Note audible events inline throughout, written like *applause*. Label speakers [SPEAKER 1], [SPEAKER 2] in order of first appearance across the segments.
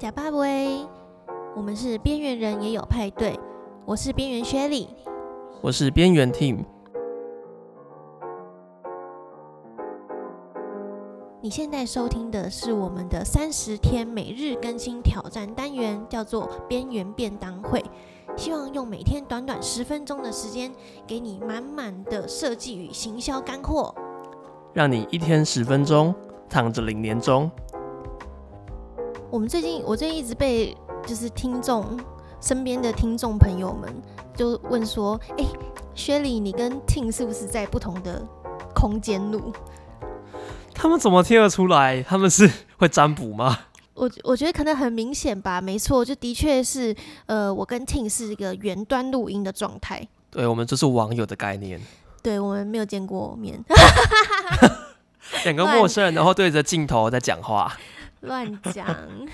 [SPEAKER 1] 呷霸沒，我們是邊緣人也有派對。我是邊緣雪莉，
[SPEAKER 2] 我是邊緣 team。
[SPEAKER 1] 你現在收聽的是我們的三十天每日更新挑戰單元，叫做“邊緣便當會”。希望用每天短短十分鐘的時間，給你滿滿的設計與行銷乾貨，
[SPEAKER 2] 讓你一天十分鐘，躺着領年終。
[SPEAKER 1] 我們最近，我最近一直被就是聽眾身邊的聽眾朋友們就問說：“哎、欸，薛理，你跟 Ting 是不是在不同的空間錄？”他們怎
[SPEAKER 2] 麼聽得出來？他們是會占卜嗎？
[SPEAKER 1] 我我覺得可能很明顯吧。沒錯，就的確是，呃，我跟 Ting 是一個遠端錄音的狀態。
[SPEAKER 2] 對，我們就是網友的概念。
[SPEAKER 1] 對，我們沒有見過面，兩、啊、 *laughs* *laughs* 個陌
[SPEAKER 2] 生人，然後對着鏡頭在講話。 *laughs*
[SPEAKER 1] 亂講，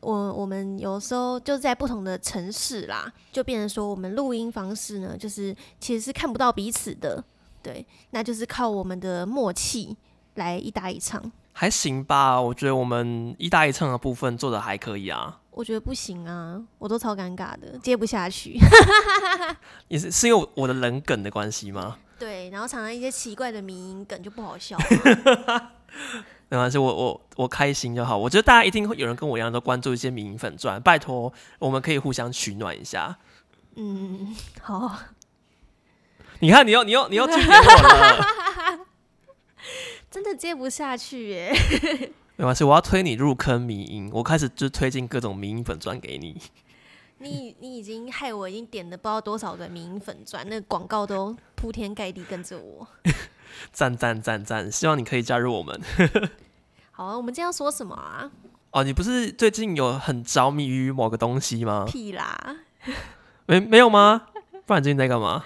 [SPEAKER 1] *laughs* 我我們有時候就在不同的城市啦，就變成說我們錄音方式呢，就是其實是看不到彼此的，對，那就是靠我們的默契來一搭一唱。
[SPEAKER 2] 還行吧，我覺得我們一搭一唱的部分做的還可以啊。
[SPEAKER 1] 我覺得不行啊，我都超尷尬的，接不下去。
[SPEAKER 2] *laughs* 也是是因為我，我的冷梗的關係嗎？
[SPEAKER 1] 對，然後常常一些奇怪的迷因梗就不好笑
[SPEAKER 2] 啊。 *laughs* 沒關係，我我我開心就好。我覺得大家一定會有人跟我一樣，都關注一些迷因粉專。拜託，我們可以互相取暖一下。
[SPEAKER 1] 嗯，好。
[SPEAKER 2] 你看，你要你要你要
[SPEAKER 1] *laughs* 真的接不下去耶。
[SPEAKER 2] 沒關係，我要推你入坑迷因，我開始就推薦各種迷因粉專給你。
[SPEAKER 1] 你你已經害我已經點了不知道多少個迷因粉專，那廣告都鋪天蓋地跟着我。 *laughs*
[SPEAKER 2] 讚讚讚讚！希望你可以加入我們。
[SPEAKER 1] *laughs* 好啊，我們今天要說什麼
[SPEAKER 2] 啊？哦，你不是最近有很着迷於某個東西嗎？屁
[SPEAKER 1] 啦，
[SPEAKER 2] *laughs* 沒沒有嗎？不然最近在幹嘛？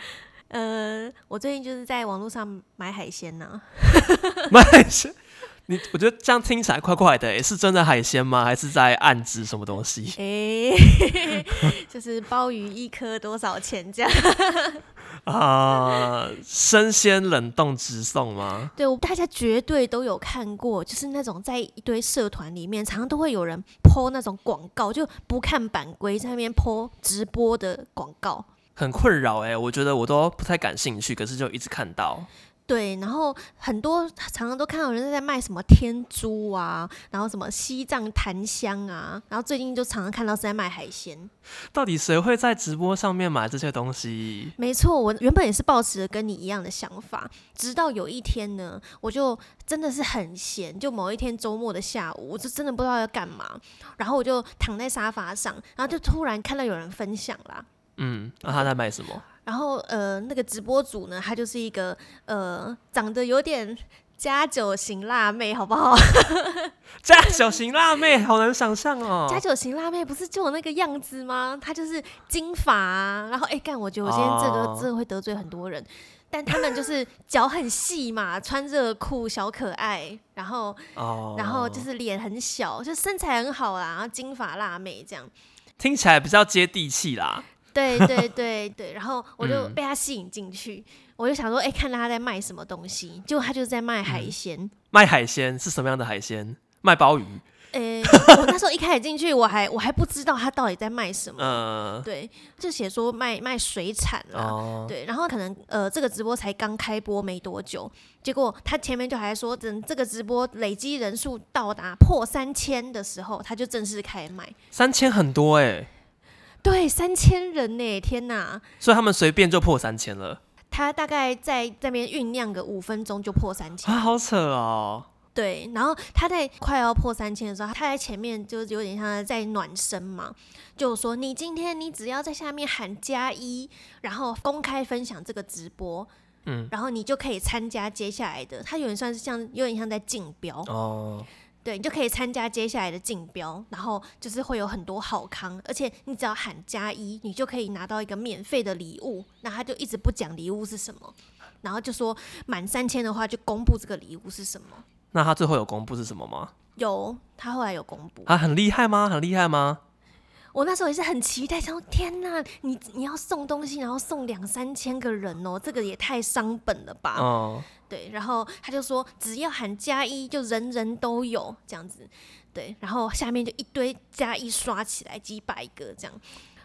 [SPEAKER 1] 呃，我最近就是在網絡上買海鮮呢、啊。 *laughs* *laughs* 買海鮮。 *laughs*
[SPEAKER 2] 你我覺得這樣聽起來怪怪的。欸，是真的海鮮嗎？還是在暗指什麼東西？
[SPEAKER 1] 哎、欸， *laughs* 就是鮑魚一顆多少錢這樣？啊、 *laughs* 呃，
[SPEAKER 2] 生鮮冷凍直送嗎？
[SPEAKER 1] 對我，大家絕對都有看過，就是那種在一堆社團裡面，常常都會有人 po 那種廣告，就不看版規，在那邊 po 直播的廣告，
[SPEAKER 2] 很困擾哎、欸。我覺得我都不太感興趣，可是就一直看到。
[SPEAKER 1] 對，然後很多常常都看到人家在賣什麼天珠啊，然後什麼西藏檀香啊，然後最近就常常看到是在賣海鮮。
[SPEAKER 2] 到底誰會在直播上面買這些東西？
[SPEAKER 1] 沒錯，我原本也是抱持著跟你一樣的想法，直到有一天呢，我就真的是很閒，就某一天週末的下午，我就真的不知道要幹嘛，然後我就躺在沙發上，然後就突然看到有人分享啦。
[SPEAKER 2] 嗯，那、啊、他在賣什麼？ *laughs*
[SPEAKER 1] 然後呃，那個直播主呢，她就是一個呃，長得有點加九型辣妹，好不好？
[SPEAKER 2] *laughs* 加九型辣妹好難想象哦。加
[SPEAKER 1] 九型辣妹不是就有那個樣子嗎？她就是金髮、啊，然後哎，幹，我覺得我今天這個、oh. 這個會得罪很多人，但他們就是腳很細嘛， *laughs* 穿熱褲小可愛，然後、
[SPEAKER 2] oh. 然後就是
[SPEAKER 1] 臉很小，就身材很好啦，然後金髮辣妹這樣，
[SPEAKER 2] 聽起來比較接地氣啦。
[SPEAKER 1] *laughs* 對對對對，然後我就被他吸引進去、嗯，我就想說，哎、欸，看到他在賣什麼東西，結果他就是在賣海鮮、嗯。
[SPEAKER 2] 賣海鮮是什麼樣的海鮮？賣鮑魚。哎、
[SPEAKER 1] 欸，我那時候一開始進去， *laughs* 我還我還不知道他到底在賣什麼。呃、對，就寫說賣賣水產了、啊哦。對，然後可能呃，這個直播才剛開播沒多久，結果他前面就還說，等這個直播累積人數到達破三千的時候，他就正式開賣。
[SPEAKER 2] 三千很多哎、欸。
[SPEAKER 1] 對，三千人呢、欸！天哪！
[SPEAKER 2] 所以他們隨便就破三千了。
[SPEAKER 1] 他大概在這邊醞釀個五分鐘就破三千。
[SPEAKER 2] 啊，好扯哦，
[SPEAKER 1] 對，然後他在快要破三千的時候，他在前面就有點像在暖身嘛，就說：“你今天你只要在下面喊加一，然後公開分享這個直播，嗯，然後你就可以參加接下來的。”他有點像是像，有點像在競標哦。對，你就可以參加接下來的競標，然後就是會有很多好康，而且你只要喊加一，你就可以拿到一個免費的禮物。那他就一直不講禮物是什麼，然後就說滿三千的話就公布這個禮物是什麼。
[SPEAKER 2] 那他最後有公布是什麼嗎？
[SPEAKER 1] 有，他後來有公布。啊，很厲害
[SPEAKER 2] 嗎？很厲害嗎？
[SPEAKER 1] 我那時候也是很期待，想說天哪，你你要送東西，然後送兩三千個人哦，這個也太傷本了吧。哦對，然後他就說只要喊加一就人人都有這樣子，對，然後下面就一堆加一刷起來幾百個這樣，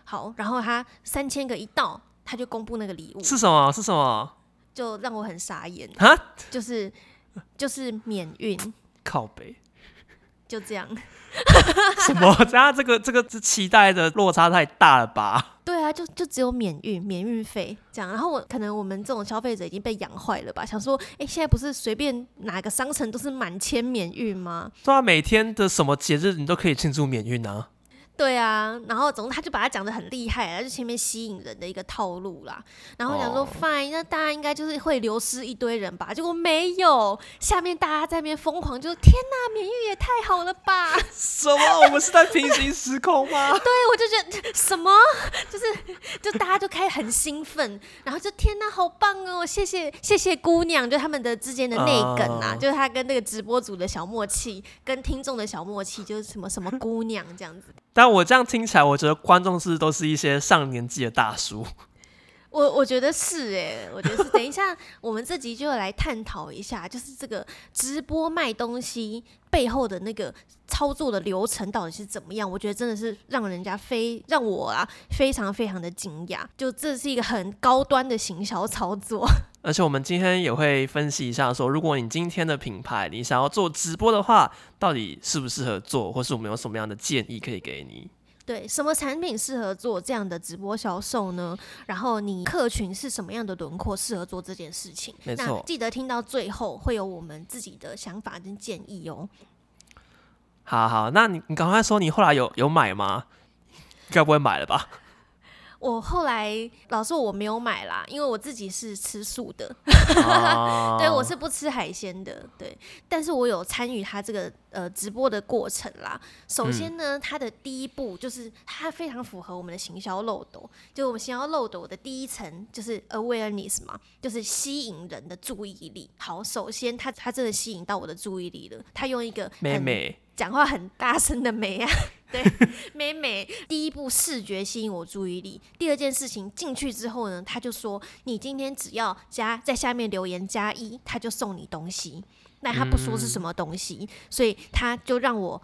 [SPEAKER 1] 好，然後他三千個一到他就公布那個禮物是什麼是什麼，就讓我很傻眼哈，就是就是免運靠北。就這樣 *laughs* ，
[SPEAKER 2] 什麼？這家這個這個期待的落差太大了吧？
[SPEAKER 1] 對啊，就就只有免運、免運費這樣。然後我可能我們這種消費者已經被養壞了吧？想說，哎、欸，現在不是隨便哪個商城都是滿千免運嗎？
[SPEAKER 2] 對啊，每天的什麼節日你都可以慶祝免運啊。
[SPEAKER 1] 對啊，然後總之他就把他講的很厲害，他就前面吸引人的一個套路啦。然後講說、oh.，fine，那大家應該就是會流失一堆人吧？結果沒有，下面大家在那邊瘋狂，就是天哪，免疫也太好了吧？什麼？ *laughs* 我們是在平行時空嗎？ *laughs* 對我就覺得什麼？就是就大家就開始很興奮，然後就天哪，好棒哦！謝謝謝謝姑娘，就他們的之間的內梗啊，oh. 就是他跟那個直播主的小默契，跟聽眾的小默契，就是什麼什麼姑娘這樣子。
[SPEAKER 2] *laughs* 但我這樣聽起來，我覺得觀眾是不是都是一些上年紀的大叔
[SPEAKER 1] 我？我我覺得是、欸，誒，我覺得是。 *laughs* 等一下，我們這集就來探討一下，就是這個直播賣東西背後的那個操作的流程到底是怎麼樣。我覺得真的是讓人家非讓我啊非常非常的驚訝。就這是一個很高端的行銷操作。
[SPEAKER 2] 而且我們今天也會分析一下，說如果你今天的品牌，你想要做直播的話，到底適不適合做，或是我們有什麼樣的建議可以給你？
[SPEAKER 1] 對，什麼產品適合做這樣的直播銷售呢？然後你客群是什麼樣的輪廓適合做這件事情？沒錯，那記得聽到最後會有我們自己的想法跟建議
[SPEAKER 2] 哦。好好，那你你趕快說，你後來有有買嗎？該不會買了吧？ *laughs*
[SPEAKER 1] 我後來老說我沒有買啦，因為我自己是吃素的， *laughs* oh. 對，我是不吃海鮮的，對。但是，我有參與他這個呃直播的過程啦。首先呢、嗯，他的第一步就是他非常符合我們的行銷漏斗，就我們行銷漏斗的第一層就是 awareness 嘛，就是吸引人的注意力。好，首先他他真的吸引到我的注意力了，他用一個妹妹講話很大聲的妹啊。妹妹 *laughs* *laughs* 對，美美，第一步視覺吸引我注意力。第二件事情進去之後呢，他就說：“你今天只要加在下面留言加一，他就送你東西。”那他不說是什麼東西，嗯、所以他就讓我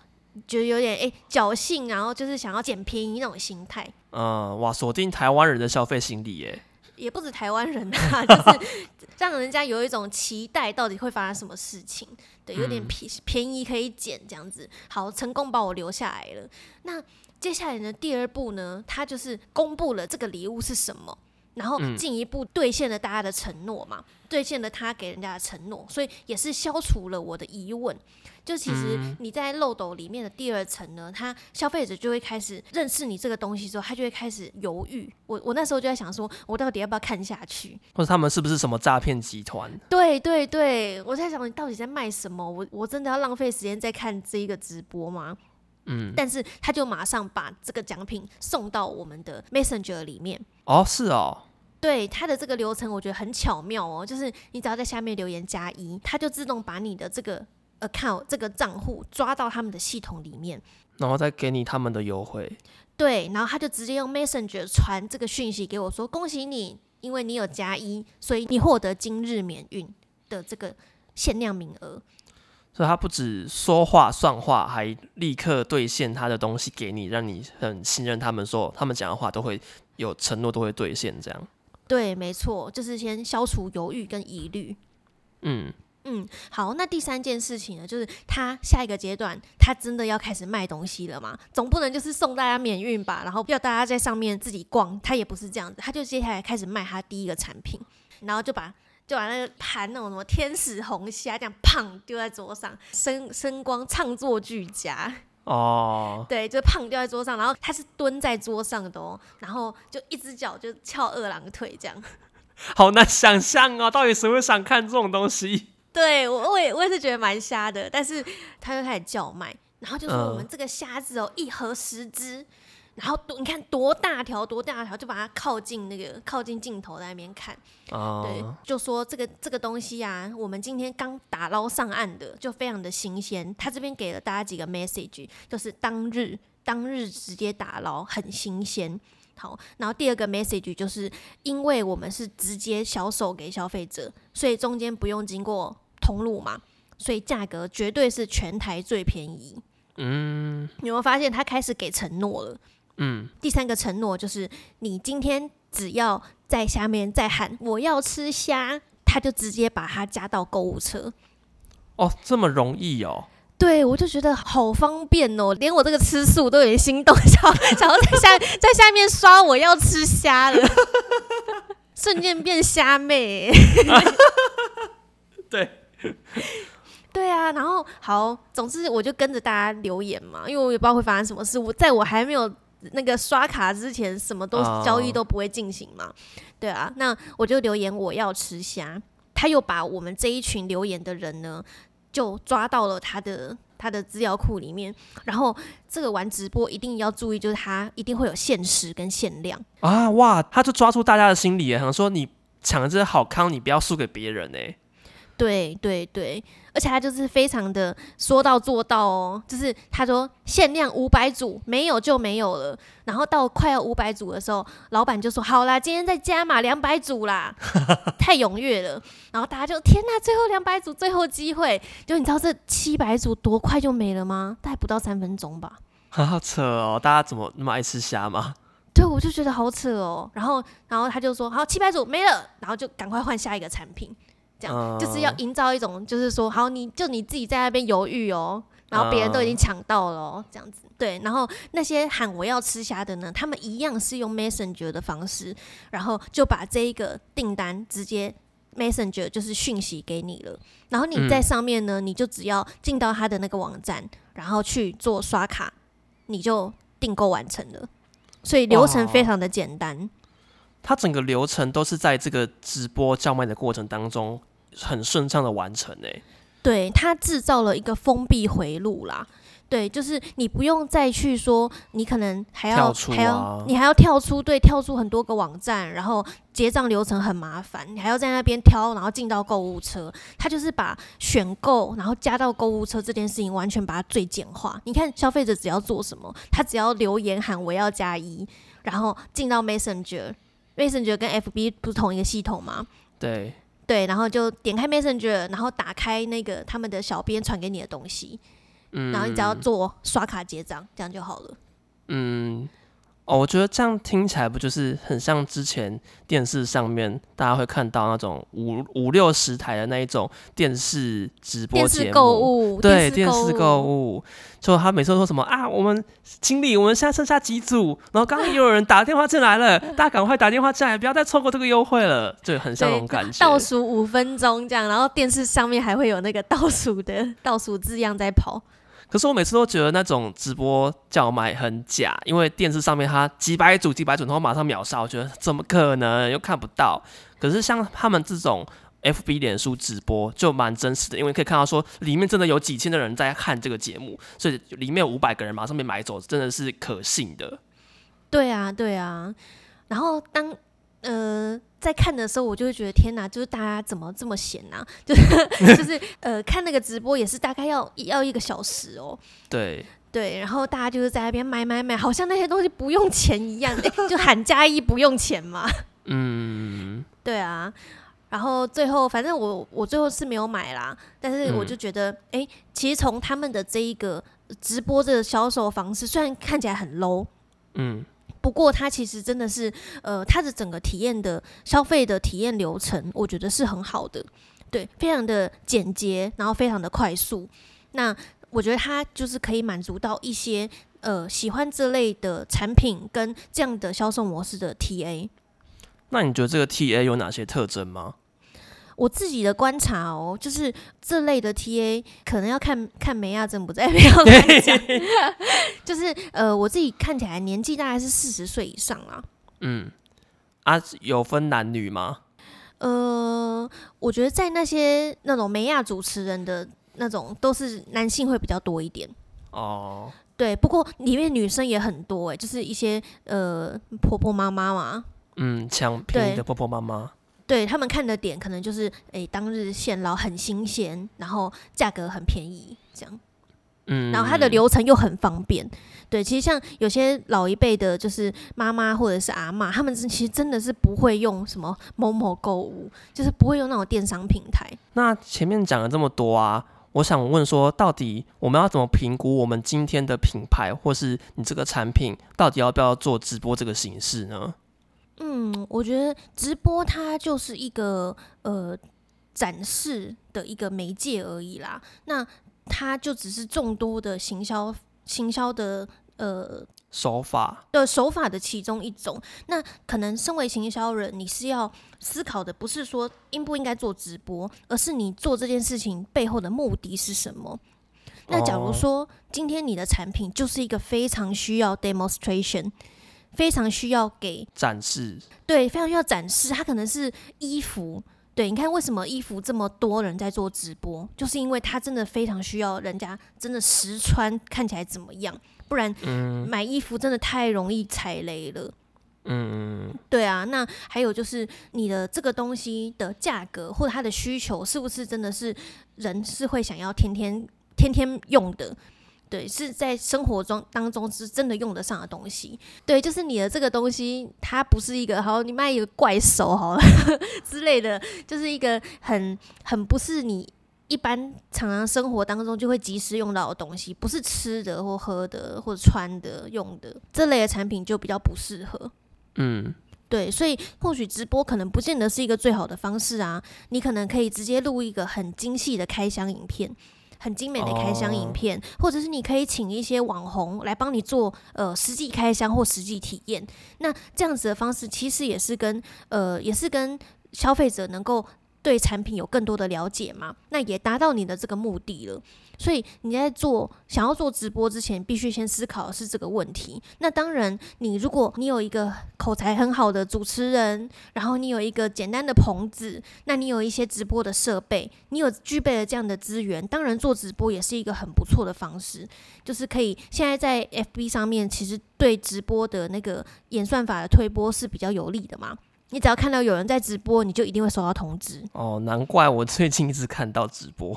[SPEAKER 1] 覺得有點哎、僥倖，然後就是想要撿便宜那種心態。
[SPEAKER 2] 嗯，哇，鎖定台灣人的消費心理耶，
[SPEAKER 1] 也不止台灣人啊，就是讓人家有一種期待，到底會發生什麼事情。有點便便宜可以撿這樣子，好，成功把我留下來了。那接下來呢？第二步呢，他就是公布了這個禮物是什麼。然後進一步兌現了大家的承諾嘛，嗯，兌現了他給人家的承諾，所以也是消除了我的疑問。就其實你在漏斗裡面的第二層呢，他消費者就會開始認識你這個東西之後，他就會開始猶豫。我我那時候就在想說，說我到底要不要看下去？
[SPEAKER 2] 或者他們是不是什麼詐騙集團？
[SPEAKER 1] 對對對，我在想你到底在賣什麼？我我真的要浪費時間在看這一個直播嗎？嗯。
[SPEAKER 2] 但是
[SPEAKER 1] 他就馬上把這個獎品送到我們的 Messenger 裡面。
[SPEAKER 2] 哦，是哦。
[SPEAKER 1] 對，他的這個流程，我覺得很巧妙哦。就是你只要在下面留言加一，他就自動把你的這個 account 這個賬戶抓到他們的系統裡面，
[SPEAKER 2] 然後再給你他們的優惠。
[SPEAKER 1] 對，然後他就直接用 Messenger 傳這個訊息給我說，說恭喜你，因為你有加一，所以你獲得今日免運的這個限量名額。
[SPEAKER 2] 所以他不止說話算話，還立刻兌現他的東西給你，讓你很信任他們說，說他們講的話都會有承諾，都會兌現這樣。
[SPEAKER 1] 對，沒錯，就是先消除猶豫跟疑慮。嗯嗯，好，那第三件事情呢，就是他下一個階段，他真的要開始賣東西了嘛？總不能就是送大家免運吧，然後要大家在上面自己逛，他也不是這樣子，他就接下來開始賣他第一個產品，然後就把就把那個盤那種什麼天使紅蝦，這樣，胖丟在桌上，聲聲光唱作俱佳。哦、oh.，對，就是胖掉在桌上，然後他是蹲在桌上的哦，然後就一隻腳就翹二郎腿這樣。
[SPEAKER 2] 好，那想像哦，到底誰是會是想看這種東西？
[SPEAKER 1] 對我，我也我也是覺得蠻瞎的，但是他又開始叫賣，然後就說我們這個蝦子哦，oh. 一盒十隻。然後多你看多大條多大條，就把它靠近那個靠近鏡頭在那邊看。
[SPEAKER 2] 哦、oh.，對，
[SPEAKER 1] 就說這個這個東西啊，我們今天剛打撈上岸的，就非常的新鮮。他這邊給了大家幾個 message，就是當日當日直接打撈，很新鮮。好，然後第二個 message 就是，因為我們是直接銷售給消費者，所以中間不用經過通路嘛，所以價格絕對是全台最便宜。嗯、mm.，你有沒有發現他開始給承諾了？嗯，第三個承諾就是，你今天只要在下面再喊“我要吃蝦”，他就直接把它加到購物車。
[SPEAKER 2] 哦，這麼容易哦？
[SPEAKER 1] 對，我就覺得好方便哦，連我這個吃素都有點心動，想想要在下 *laughs* 在下面刷“我要吃蝦”了， *laughs* 瞬間變蝦妹。 *laughs* 啊、 *laughs* 對，對啊。然後好，總之我就跟着大家留言嘛，因為我也不知道會發生什麼事，我在我還沒有。那個刷卡之前什麼都交易都不會進行嘛，oh. 對啊，那我就留言我要吃蝦，他又把我們這一群留言的人呢，就抓到了他的他的資料庫裡面，然後這個玩直播一定要注意，就是他一定會有限時跟限量
[SPEAKER 2] 啊哇，他就抓住大家的心理，想說你搶了這些好康，你不要輸給別人
[SPEAKER 1] 對對對，而且他就是非常的說到做到哦，就是他說限量五百組，沒有就沒有了。然後到快要五百組的時候，老闆就說：“好啦，今天再加碼，兩百組啦。 *laughs* ”太踴躍了，然後大家就天哪，最後兩百組，最後機會，就你知道這七百組多快就沒了嗎？大概不到三分鐘吧。
[SPEAKER 2] 很好扯哦，大家怎麼那麼愛吃蝦嗎？
[SPEAKER 1] 對，我就覺得好扯哦。然後，然後他就說：“好，七百組沒了，然後就趕快換下一個產品。”這樣、uh... 就是要營造一種，就是說，好你，你就你自己在那邊猶豫哦、喔，然後別人都已經搶到了、喔，uh... 這樣子。對，然後那些喊我要吃蝦的呢，他們一樣是用 Messenger 的方式，然後就把這一個訂單直接 Messenger 就是訊息給你了，然後你在上面呢，嗯、你就只要進到他的那個網站，然後去做刷卡，你就訂購完成了，所以流程非常的簡單。Wow.
[SPEAKER 2] 他整個流程都是在這個直播叫賣的過程當中。很順暢的完成呢？欸，
[SPEAKER 1] 對，他製造了一個封閉迴路啦。對，就是你不用再去說，你可能還要跳出，啊，還要你還要跳出，對，跳出很多個網站，然後結賬流程很麻煩，你還要在那邊挑，然後進到購物車。他就是把選購然後加到購物車這件事情完全把它最簡化。你看消費者只要做什麼，他只要留言喊我要加一，然後進到 Messenger，Messenger Messenger 跟 FB 不同一個系統嗎？對。對，然後就點開 Messenger，然後打開那個他們的小編傳給你的東西，
[SPEAKER 2] 嗯，然後你只要做
[SPEAKER 1] 刷卡結賬，這樣就好
[SPEAKER 2] 了。嗯。哦，我覺得這樣聽起來不就是很像之前電視上面大家會看到那種五五六十台的那一種電視直播節目，電視購物？對，電視購物、物，就他每次都說什麼啊，我們經理，我們現在剩下幾組，然後剛剛又有人打電話進來了， *laughs* 大家趕快打電話進來，不要再錯過這個優惠了，對，很像那種感覺，
[SPEAKER 1] 倒數五分鐘這樣，然後電視上面還會有那個倒數的倒數字樣在跑。
[SPEAKER 2] 可是我每次都覺得那種直播叫賣很假，因為電視上面他幾百組幾百組，然後馬上秒殺，我覺得怎麼可能？又看不到。可是像他們這種 FB 臉書直播就蠻真實的，因為可以看到說裡面真的有幾千的人在看這個節目，所以裡面有五百個人馬上被買走，真的是可信的。
[SPEAKER 1] 對啊，對啊。然後當呃。在看的時候，我就會覺得天哪，就是大家怎麼這麼閒呢、啊、就是 *laughs* 就是呃，看那個直播也是大概要要一個小時哦、喔。對。對，然後大家就是在那邊買買買，好像那些東西不用錢一樣， *laughs* 欸、就喊加一不用錢嘛。嗯。對啊，然後最後反正我我最後是沒有買啦，但是我就覺得，哎、嗯欸，其實從他們的這一個直播這個的銷售方式，雖然看起來很 low，嗯。不過它其實真的是，呃，它的整個體驗的消費的體驗流程，我覺得是很好的，對，非常的簡潔，然後非常的快速。那我覺得它就是可以滿足到一些呃喜歡這類的產品跟這樣的銷售模式的 T A。
[SPEAKER 2] 那你覺得這個 T A 有哪些特徵嗎？
[SPEAKER 1] 我自己的觀察哦，就是這類的 TA 可能要看看美亞正不正。欸、要跟 *laughs* *laughs* 就是呃，我自己看起來年紀大概是四十歲以上啦，
[SPEAKER 2] 啊。嗯，啊，有分男女嗎？
[SPEAKER 1] 呃，我覺得在那些那種梅亞主持人的那種，都是男性會比較多一點。
[SPEAKER 2] 哦，
[SPEAKER 1] 對，不過裡面女生也很多哎，欸，就是一些呃婆婆媽媽嘛。
[SPEAKER 2] 嗯，搶便宜的婆婆媽媽。
[SPEAKER 1] 對，他們看的點可能就是，誒、欸、當日現撈很新鮮，然後價格很便宜，這樣。嗯，然後它的流程又很方便。對，其實像有些老一輩的，就是媽媽或者是阿嬤，他們其實真的是不會用什麼某某購物，就是不會用那種電商平台。
[SPEAKER 2] 那前面講了這麼多啊，我想問說，到底我們要怎麼評估我們今天的品牌，或是你這個產品，到底要不要做直播這個形式呢？
[SPEAKER 1] 嗯，我覺得直播它就是一個呃展示的一個媒介而已啦。那它就只是眾多的行銷行銷的呃手法的手法的其中一種。那可能身為行銷人，你是要思考的，不是說應不應該做直播，而是你做這件事情背後的目的是什麼。那假如說今天你的產品就是一個非常需要 demonstration。非常需要給
[SPEAKER 2] 展示，
[SPEAKER 1] 對，非常需要展示。它可能是衣服，對，你看為什麼衣服這麼多人在做直播，就是因為他真的非常需要人家真的實穿看起來怎麼樣，不然買衣服真的太容易踩雷了。嗯嗯，對啊。那還有就是你的這個東西的價格或者它的需求是不是真的是人是會想要天天天天用的？對，是在生活中當中是真的用得上的東西。對，就是你的這個東西，它不是一個，好，你賣一個怪獸，好了 *laughs* 之類的，就是一個很很不是你一般常常生活當中就會及時用到的東西，不是吃的或喝的或者穿的用的這類的產品就比較不適合。嗯，對，所以或許直播可能不見得是一個最好的方式啊，你可能可以直接錄一個很精細的開箱影片。很精美的開箱影片，oh. 或者是你可以請一些網紅來幫你做呃實際開箱或實際體驗，那這樣子的方式其實也是跟呃也是跟消費者能夠。對產品有更多的了解嘛？那也達到你的這個目的了。所以你在做想要做直播之前，必須先思考的是這個問題。那當然，你如果你有一個口才很好的主持人，然後你有一個簡單的棚子，那你有一些直播的設備，你有具備了這樣的資源，當然做直播也是一個很不錯的方式。就是可以現在在 FB 上面，其實對直播的那個演算法的推播是比較有利的嘛。你只要看到有人在直播，你就一定會收到通知。
[SPEAKER 2] 哦，難怪我最近一直看到直播。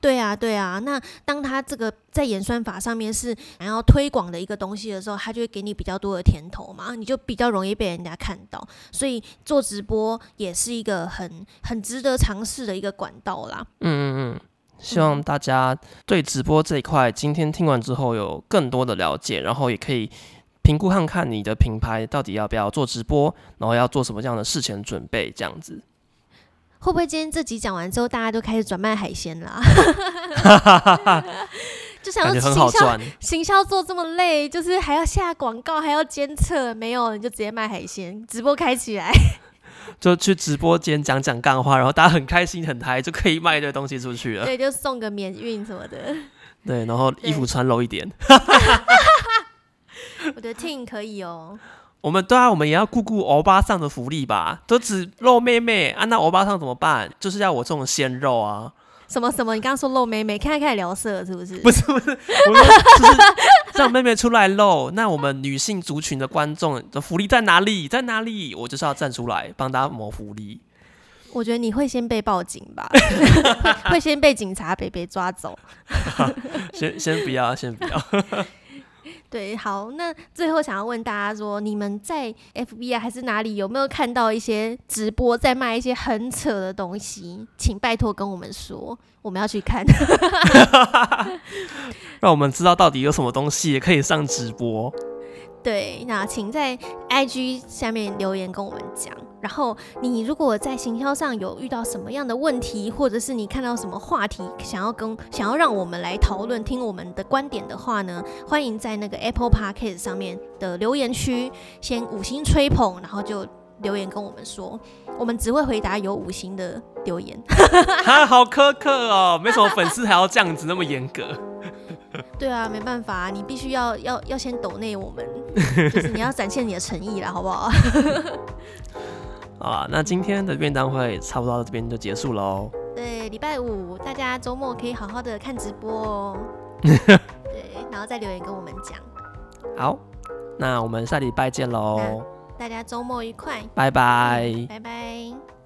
[SPEAKER 1] 對啊，對啊。那當他這個在演算法上面是想要推廣的一個東西的時候，他就會給你比較多的甜頭嘛，你就比較容易被人家看到。所以做直播也是一個很很值得嘗試的一個管道啦。
[SPEAKER 2] 嗯嗯嗯，希望大家對直播這一塊、嗯、今天聽完之後有更多的了解，然後也可以。評估看看你的品牌到底要不要做直播，然後要做什麼這樣的事前準備，這樣子
[SPEAKER 1] 會不會今天這集講完之後，大家都開始轉賣海鮮啦？ *laughs* *laughs* *laughs* 就想要行銷，行銷做這麼累，就是還要下廣告，還要監測，沒有你就直接賣海鮮，直播開起來，
[SPEAKER 2] *laughs* 就去直播間講講幹話，然後大家很開心很嗨，就可以賣一堆東西出去了。對，
[SPEAKER 1] 就送個免運什麼的。
[SPEAKER 2] 對，然後衣服穿露一點。 *laughs* 對 *laughs*
[SPEAKER 1] 我覺得聽可以哦。
[SPEAKER 2] 我們對啊，我們也要顧顧歐巴桑的福利吧？都只露妹妹，啊、那歐巴桑怎麼辦？就是要我這種鮮肉啊？
[SPEAKER 1] 什麼什麼？你剛剛說露妹妹，現在開始聊色是不是？不是不是，哈哈
[SPEAKER 2] 哈是讓妹妹出來露， *laughs* 那我們女性族群的觀眾的福利在哪裡？在哪裡？我就是要站出來幫大家謀福利。
[SPEAKER 1] 我覺得你會先被報警吧， *laughs* *laughs* 會先被警察被被抓走。 *laughs* 先先不要，先不要。 *laughs* 對，好，那最後想要問大家說，你們在 FB 還是哪裡有沒有看到一些直播在賣一些很扯的東西？請拜託跟我們說，我們要去看。 *laughs* *laughs*
[SPEAKER 2] 讓我們知道到底有什麼東西也可以上直播。
[SPEAKER 1] 對，那請在 IG 下面留言跟我們講。然後你如果在行銷上有遇到什麼樣的問題，或者是你看到什麼話題想要跟想要讓我們來討論、聽我們的觀點的話呢，歡迎在那個 Apple Podcast 上面的留言區先五星吹捧，然後就留言跟我們說，我們只會回答有五星的留言。
[SPEAKER 2] 他 *laughs* 好苛刻哦，沒什麼粉絲還要這樣子那麼嚴格。
[SPEAKER 1] *laughs* 對啊，沒辦法，你必須要要要先抖內我們， *laughs* 就是你要展現你的誠意了，好不好？ *laughs*
[SPEAKER 2] 好啦，那今天的便當會差不多到這邊就結束嘍。
[SPEAKER 1] 對，禮拜五大家周末可以好好的看直播哦。 *laughs* 對，然後再留言跟我們講。
[SPEAKER 2] 好，那我們下禮拜見
[SPEAKER 1] 嘍。大家周末愉快，拜拜，拜、okay，拜。